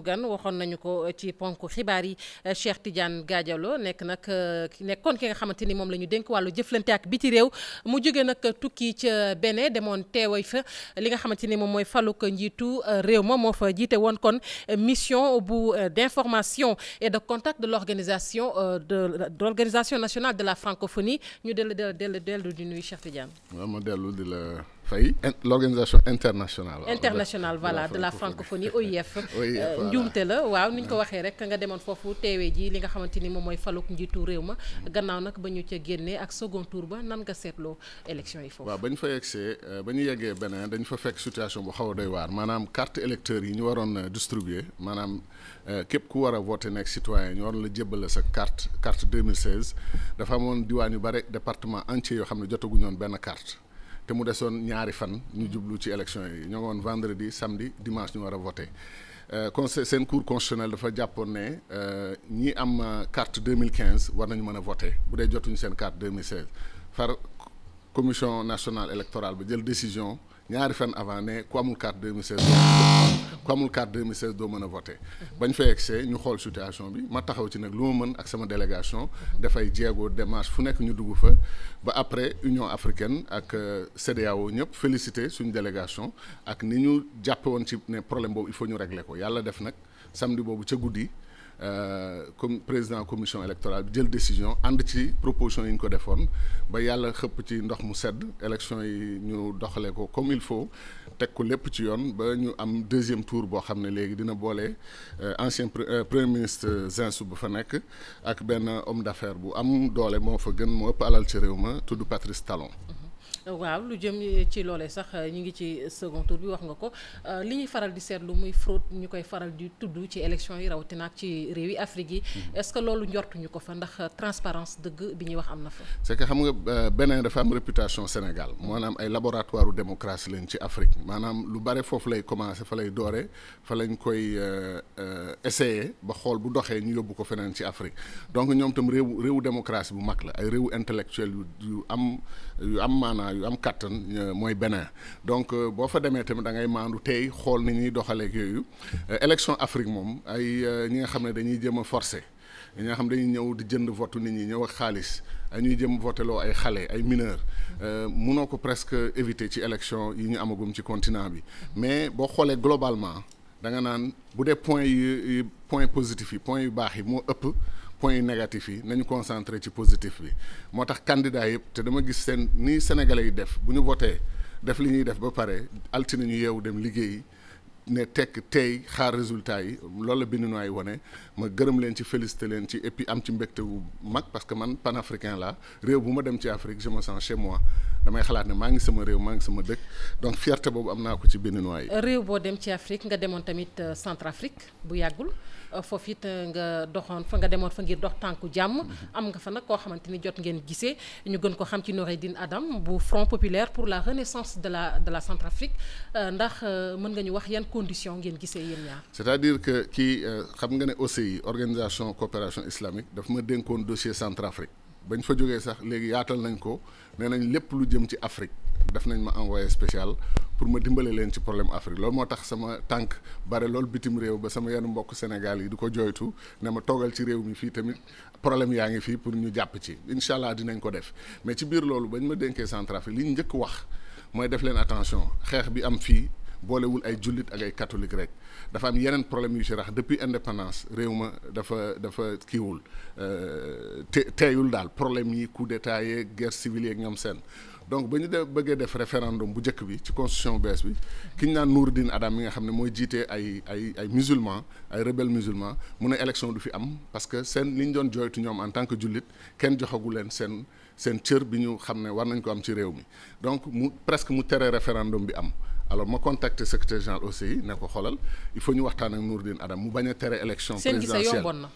sàkku gan waxoon nañu ko ci ponk xibaar yi euh, Cheikh Tidiane Gaajalo nekk nag euh, nekkoon ki nga xamante ni moom la ñu dénk wàllu jëflante ak bi biti réew mu jóge nag tukki ca Bénin demoon teeway fa li nga xamante ni moom mooy faluk njiitu euh, réew ma moo fa jiite woon kon mission bu d'information et de contact de l'organisation de l'organisation national de la francophonie ñu dellu dellu dellu di nuyu Cheikh Tidiane. fay l'organisation internationale. internationale voilà de la francophonie euh, OIF. njuumte la waaw ni ñu ko mm. waxee rek nga demoon foofu teewee ji li nga xamante ni moom mooy faluk njiitu réew ma. Mm. gannaaw nag ba ñu ca génnee ak second tour ba nan nga seetloo élection yi foofu. waaw ba ñu fa yegsee euh, ba ñu yeggee beneen dañu fa fekk situation bu xaw a doy waar maanaam carte électeur yi ñu waroon euh, distribuer maanaam képp ku war a voté nekk citoyen ñu waroon la jébbal sa carte carte 2016 dafa amoon diwaan yu bare département entier yoo xam ne jotaguñoon benn carte. te mu desoon ñaari fan ñu jublu ci élection yi ñoo ngi woon vendredi samedi dimanche ñu war a voté euh, conseil seen cour constitutionnel dafa jàppoon ne euh, ñi am euh, carte 2015 war nañu mën a voté bu dee jotuñu seen carte 2016 far commission nationale électorale ba jël décision ñaari fan avant ne ku amul carte 2016 ku amul carte 2016 doo mën a voté bañ fa yegsee ñu xool situation bi ma taxaw ci nag lu ma mën ak sama délégation dafay jéego démarche fu nekk ñu dugg fa ba après Union africaine ak euh, CEDEAO ñëpp félicité suñu délégation ak ni ñu jàppe woon ci ne problème boobu il faut ñu regle ko yàlla def nag samedi boobu ca guddi. Euh, comme président commission électorale bi jël décision ànd ci proposition yi ñu ko defoon ba yàlla xëpp ci ndox mu sedd élection yi ñu doxalee ko comme il faut teg ko lépp ci yoon ba ñu am deuxième tour boo xam ne léegi dina boole euh, ancien euh, premier ministre Zinsou bu fa nekk ak benn homme d'affaires bu am doole moo fa gën mu ëpp alal ci réew ma tudd Patrice Talon waaw lu jëm ci loolee sax ñu ngi ci second tour bi wax nga ko euh, li ñu faral di seetlu muy fraude ñu koy faral di tudd ci élection yi raw ak ci réew yi Afrique yi mm-hmm. est-ce que loolu njortuñu ko fa ndax transparence bi ñuy wax am na fa. c'est que xam nga euh, Bénin dafa réputation Sénégal maanaam ay laboratoire démocratie lañ ci Afrique maanaam lu bare foofu lay commencer fa lay dooree fa lañ koy euh, essayer ba xool bu doxee ñu yóbbu ko feneen ci Afrique donc ñoom tam réew réewu démocratie bu mag la ay réew intellectuel yu am yu am maanaam gouvernement yu am kattan euh, mooy Bénin donc euh, boo fa demee tamit da ngay maandu tey xool ni ñuy doxaleek yooyu euh, élection Afrique moom ay ñi nga xam ne dañuy jëm a forcer ñi nga xam dañuy ñëw di jënd vote nit ñi ñëw ak xaalis ñuy jëm voteloo ay xale ay mineurs munoo ko presque éviter ci élection yi ñu amagum ci continent bi mais boo xoolee globalement da nga naan bu dee point yi point positif yi point yu baax yi moo ëpp point yu négatif yi nañu concentré ci positif bi moo tax kandidaa yëpp te dama gis seen ni sénégalais yi def bu ñu wootee def li ñuy def ba pare altine ñu yeewu dem liggéeyi ne tekk tey xaar résultat yi lool la béninois yi wane ma gërëm leen ci félicité leen ci et am ci mbégte wu mag parce que man panafricain la réew bu ma dem ci Afrique je me sens chez moi damay xalaat ne maa ngi sama réew maa ngi sama dëkk donc fierté boobu am naa ko ci béninois yi. réew dem ci Afrique nga demoon tamit euh, Centrafrique bu yàggul. foofu it nga doxoon fa nga demoon fa ngir dox tànku jàmm am nga fa nag koo xamante ni jot ngeen gisee ñu gën ko xam ci Noureddine Adam bu Front populaire pour la renaissance de la de la Centrafrique euh, ndax euh, mën nga ñu wax yan condition ngeen gisee yéen ñaar c'est-à-dire que kii euh, xam nga ne OCI organisation coopération islamique dafa ma dénkoon dossier Centrafrique bañ fa jógee sax léegi yaatal nañ ko nee nañ lépp lu jëm ci Afrique daf nañ ma envoyé spécial pour ma dimbale leen ci problème Afrique loolu moo tax sama tànk bare loolu bitim réew ba sama yenn mbokk Sénégal yi du ko jooytu ne ma toogal ci réew mi fii tamit problème yaa ngi fii pour ñu jàpp ci incha allah dinañ ko def mais ci biir loolu bañ ma dénkee Centrafrique li ñu njëkk wax mooy def leen attention xeex bi am fii boolewul ay jullit ak ay catholique rek dafa am yeneen problème yu ci rax depuis indépendance réew ma dafa dafa kiiwul euh, te teeyul daal problème yi coup d'état yeeg guerre civile yeeg ñoom seen donc ba ñu de bëggee def référendum bu jëkk bi ci constitution bees bi ki ñu naan Nouridine Adam mi nga xam ne mooy jiite ay ay ay musulman ay rebelle musulman mu ne élection du fi am parce que seen li ñu doon jooytu ñoom en tant que jullit kenn joxagu leen seen seen cër bi ñu xam ne war nañ ko am ci réew mi donc mu presque mu tere référendum bi am alors ma contacté secrétaire général OCI ne ko xoolal il faut ñu waxtaan ak Nouridine Adam mu bañ a tere élection présidentielle seen gise na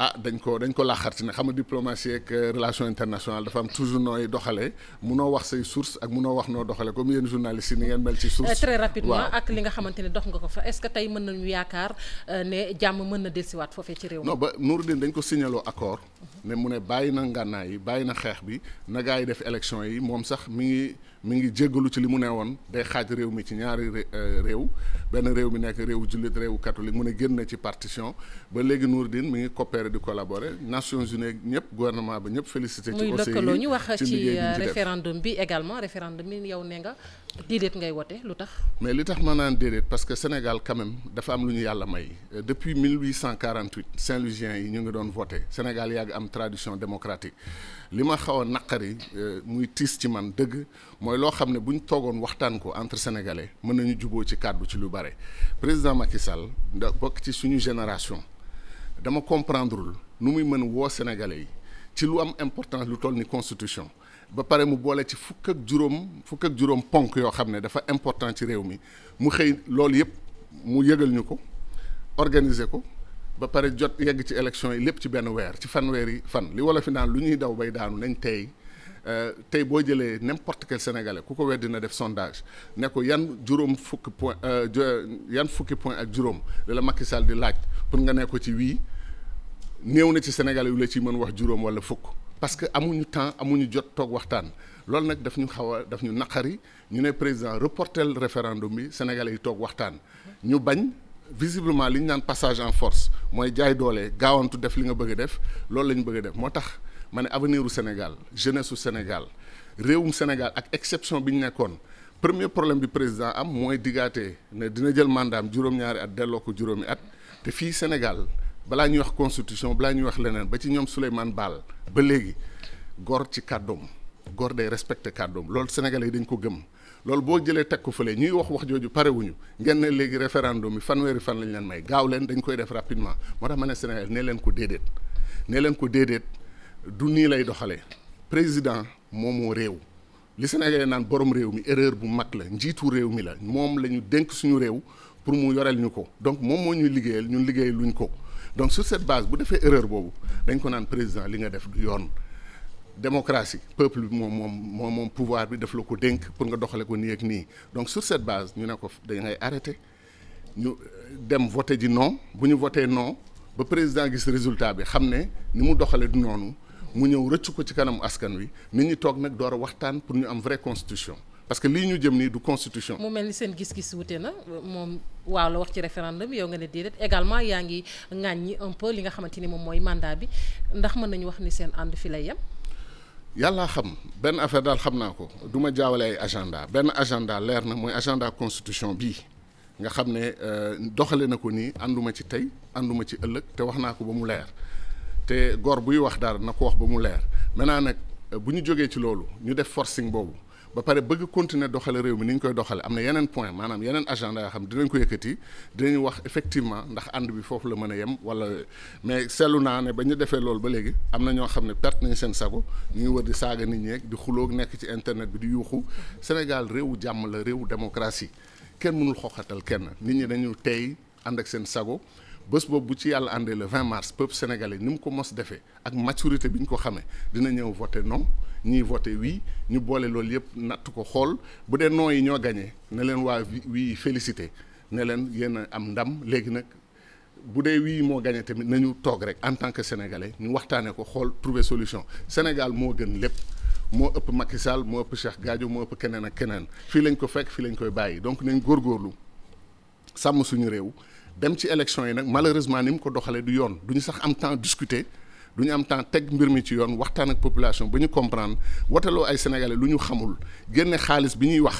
ah dañ ko dañ ko laaxarti ne xam nga diplomatie ak euh, relation internationale dafa am toujours nooy doxalee munoo wax say source ak munoo wax noo doxalee comme yéen journaliste yi ni ngeen mel ci source euh, très rapidement ak li nga xamante ne dox nga ko fa est-ce que tey mën nañu yaakaar euh, ne jàmm mën na delsiwaat foofee ci réew non ba Nourdine dañ ko signaloo accord ne mu ne bàyyi na ngànnaay yi bàyyi na xeex bi na gaa yi def élection yi moom sax mi ngi mi ngi jéggalu ci li mu ne woon day xaaj réew mi ci ñaari réew benn réew mi nekk réewu jullit réewu catholique mu ne génn na ci partition ba léegi Nourdine collaborer di collaborer Nations Unies ñëpp gouvernement ba ñëpp félicité. ci conseil yi muy lëkkaloo ñu wax ci euh, référendum bi également référendum bi yow ne nga déedéet ngay wote lu tax. mais li tax ma naan déedéet parce que Sénégal quand même dafa am lu ñu yàlla may euh, depuis 1848 Saint-Louisiens yi ñu ngi doon voté Sénégal yàgg am tradition démocratique li ma xaw naqari euh, muy tiis ci man dëgg mooy loo xam ne bu ñu toogoon waxtaan ko entre sénégalais mën nañu juboo ci kàddu ci lu bare président Macky Sall da bokk ci suñu génération. dama comprendrewul nu muy mën woo sénégalais yi ci lu am important lu toll ni constitution ba pare mu boole ci fukk ak juróom fukk ak ponk yoo xam ne dafa important ci réew mi mu xëy loolu yëpp mu yëgal ñu ko organiser ko ba pare jot yegg ci élection yi lépp ci benn weer ci fan weer yi fan li wala fi naan lu ñuy daw bay daanu nañ tey euh, tey boo jëlee n'importe que sénégalais ku ko weddi dina def sondage ne ko yan juróom fukki point euh, yan fukki point ak juróom la Macky Sall laaj pour nga nekk ko ci wii néew na ci Sénégal yu la ci mën wax juróom wala fukk parce que amuñu temps amuñu jot toog waxtaan loolu nag daf ñu xaw a daf ñu naqari ñu ne président reportel référendum bi Sénégalais yi toog waxtaan ñu bañ visiblement li ñu naan passage en force mooy jaay doole gaawantu def li nga bëgg a def loolu la ñu bëgg a def moo tax ma ne avenir u Sénégal jeunesse u Sénégal réewum Sénégal ak exception bi ñu nekkoon premier problème bi président am mooy digaate ne dina jël mandaam juróom-ñaari at delloo ko juróomi at te fii Sénégal balaa ñuy wax constitution balaa ñuy wax leneen ba ci ñoom Souleymane Baal ba léegi góor ci kàddoom góor day respecté kàddoom loolu sénégalais yi dañ ko gëm loolu boo jëlee teg ko fële ñuy wax wax jooju parewuñu ngeen ne léegi référendum yi fanweeri fan lañu leen may gaaw leen dañ koy def rapidement moo tax ma ne Sénégal nee leen ko déedéet ne leen ko déedéet du nii lay doxalee président moomoo réew li sénégalais naan borom réew mi erreur bu mag la njiitu réew mi la moom la ñu dénk suñu réew pour mu yoreel ñu ko donc moom moo ñu liggéeyal ñun liggéey luñ ko donc sur cette base bu defee erreur boobu dañ ko naan président li nga def du yoon démocratie peuple bi moom moom moom moom pouvoir bi daf la ko dénk pour nga doxale ko nii ak nii donc sur cette base ne ko da ngay arrêté ñu dem voté ji non bu ñu voté non ba président gis résultat bi xam ne ni mu doxale du noonu mu ñëw rëcc ko ci kanam askan wi nit ñi toog nag door a waxtaan pour ñu am vraie constitution parce que lii ñu jëm nii du constitution. mu mel ni seen gis-gis wute na moom. waaw la wax ci référendum yow nga ne déedéet également yaa ngi ŋàññi un peu li nga xamante ni moom mooy mandat bi ndax mën nañu wax ni seen ànd fi lay yem. yàlla xam benn affaire daal xam naa ko du ma jaawale ay agenda benn agenda leer na mooy agenda constitution bii nga xam ne euh, doxale na ko nii ànduma ci tey ànduma ci ëllëg te wax naa ko ba mu leer te góor buy wax daal na ko wax ba mu leer maintenant nag euh, bu ñu jógee ci loolu ñu def forcing boobu. ba pare bëgg continuer doxale réew mi ni ñu koy doxale am na yeneen point maanaam yeneen agenda yoo xam dinañ ko yëkkati dinañ wax effectivement ndax ànd bi foofu la mën a yem wala mais seetlu naa ne ba ñu defee loolu ba léegi am na ñoo xam ne perte nañu seen sago ñu ngi war di saaga nit ñi di xuloog nekk ci internet bi di yuuxu Sénégal réewu jàmm la réewu démocratie kenn mënul xoxatal kenn nit ñi dañu tey ànd ak seen sago bés boobu bu ci yàlla àndee le 20 mars peuple ni mu ko mos defee ak maturité bi ñu ko xamee dina ñëw voter non ñiy voté oui ñu boole loolu yëpp natt ko xool bu dee non yi ñoo gañee ne leen waa wii félicité ne leen yéen a am ndam léegi nag bu dee wii moo gagné tamit nañu toog rek en tant que sénégalais ñu waxtaanee ko xool trouver solution Sénégal moo gën lépp. moo ëpp Macky Sall moo ëpp Cheikh Gadio moo ëpp keneen ak keneen fii lañ ko fekk fii lañ koy bàyyi donc nañ góorlu sàmm suñu réew dem ci élection yi nag malheureusement ni mu ko doxalee du yoon du ñu sax am temps discuter lu ñu am temps teg mbir mi ci yoon waxtaan ak population ba ñu comprendre wataloo ay sénégalais lu ñu xamul génne xaalis bi ñuy wax.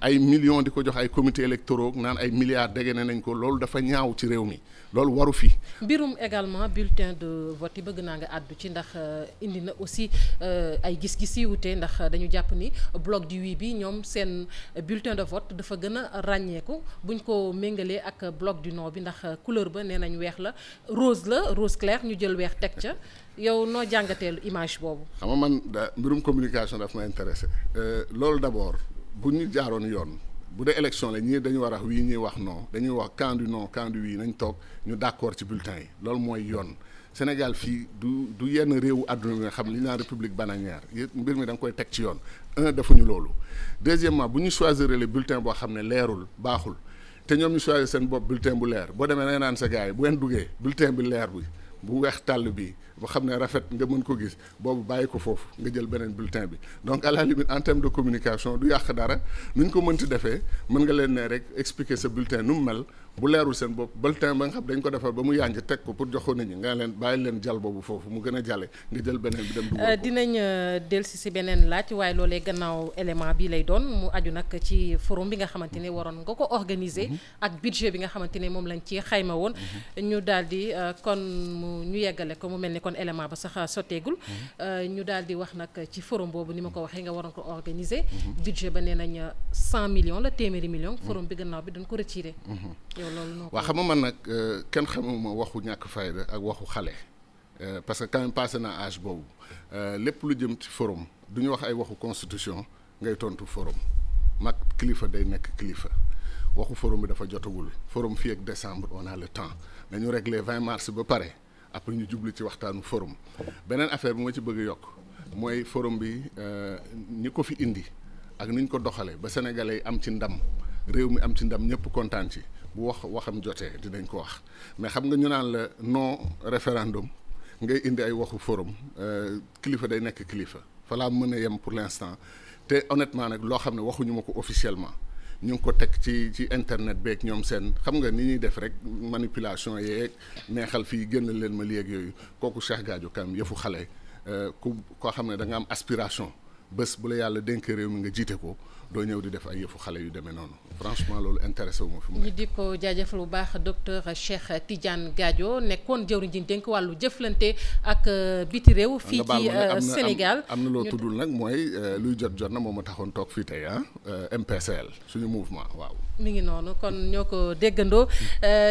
ay millions di ko jox ay comités électoraux naan ay milliards dégg nañ ko loolu dafa ñaaw ci réew mi loolu waru fi. mbirum également bulletin de vote yi bëgg naa nga àddu ci ndax euh, indi na aussi euh, ay gis-gis ndax dañu jàpp ni bloc du oui bi ñoom seen bulletin de vote dafa gën a ràññeeku buñ ko méngalee ak bloc du non bi ndax couleur ba nee nañ weex la rose la rose clair ñu jël weex teg ca. yow noo jàngateelu image boobu. xam nga man mbirum communication daf ma intéressé euh, loolu d' abord bu ñu jaaroon yoon bu dee élection la ñii dañu war a wii ñuy wax non dañuy wax camp du non camp du oui nañ toog ñu d' accord ci bulletin yi loolu mooy yoon. Sénégal fii du du yenn réewu àdduna bi nga xam li ñu naan république bananière mbir mi da koy teg ci yoon un defuñu loolu deuxièmement bu ñu choisir le bulletin boo xam ne leerul baaxul te ñoom ñu choisir seen bopp bulletin bu leer boo demee na naan sa gars yi bu ngeen duggee bi leer bu weex tàll bi ba xam ne rafet nga mën ko gis boobu bàyyi ko foofu nga jël beneen bulletin bi donc à en terme de communication du yàq dara nu ñu ko mënti defee mën nga leen ne rek expliquer sa bulletin nu mu mel bu leerul seen bopp bulletin ba nga xam dañ ko defar ba mu yànj teg ko pour jox ko nit ñi nga leen bàyyi leen jal boobu foofu mu gën a jale nga jël beneen bi dem du euh, dinañ euh, delsi si beneen laaj waaye loolee gannaaw élément bi lay doon mu kon élément ba sax sotteegul euh, ñu daal di wax nag ci forum boobu ni ma ko waxee nga waroon ko organiser mhm. budget ba nee nañ cent millions la téeméeri millions mhm. forum bi gannaaw bi dañ ko retiré mhm. yow loolu noo waaw xam nga man nag euh, kenn xamuma waxu ñàkk fayda ak euh, parce que quand même passé na âge boobu lépp lu jëm ci forum du wax ay waxu constitution ngay tontu forum mag kilifa day nekk kilifa waxu forum bi dafa jotagul forum fii ak décembre on a le temps nañu régler 20 mars ba pare après ñu jublu ci waxtaanu forum beneen affaire bi ma ci bëgg yokk mooy forum bi ñi euh, ko fi indi ak ni ñu ko doxalee ba sénégalais am ci ndam réew mi am ci ndam ñëpp kontaan ci bu wax waxam jotee dinañ ko wax mais xam nga ñu naan la non référendum ngay indi ay waxu forum euh, kilifa day nekk kilifa falaa mën a yem pour l'instant te honnêtement nag loo xam ne waxuñu ma ko officiellement ñu ngi ko teg ci ci internet beeg ñoom seen xam nga ni ñuy def rek manipulation yeeg neexal fii génn leen ma léegi yooyu kooku Cheikh Gadio kam yëfu xale euh, ku koo xam ne da nga am aspiration bés bu la yàlla dénk réew mi nga jiite ko doo ñëw di def ay yëfu xale yu demee noonu franchement loolu intéressé wu ma fi mu ñu di ko jaajëfal bu baax docteur Cheikh Tidiane Gadio nekkoon jëwriñ ji dénk wàllu jëflante ak euh, biti réew. fii ci euh, Sénégal am na loo tuddul nag mooy euh, luy jot jot na moom a taxoon toog fii tey ah MPCL suñu mouvement waaw. mi ngi noonu kon ñoo ko déggandoo. Mm.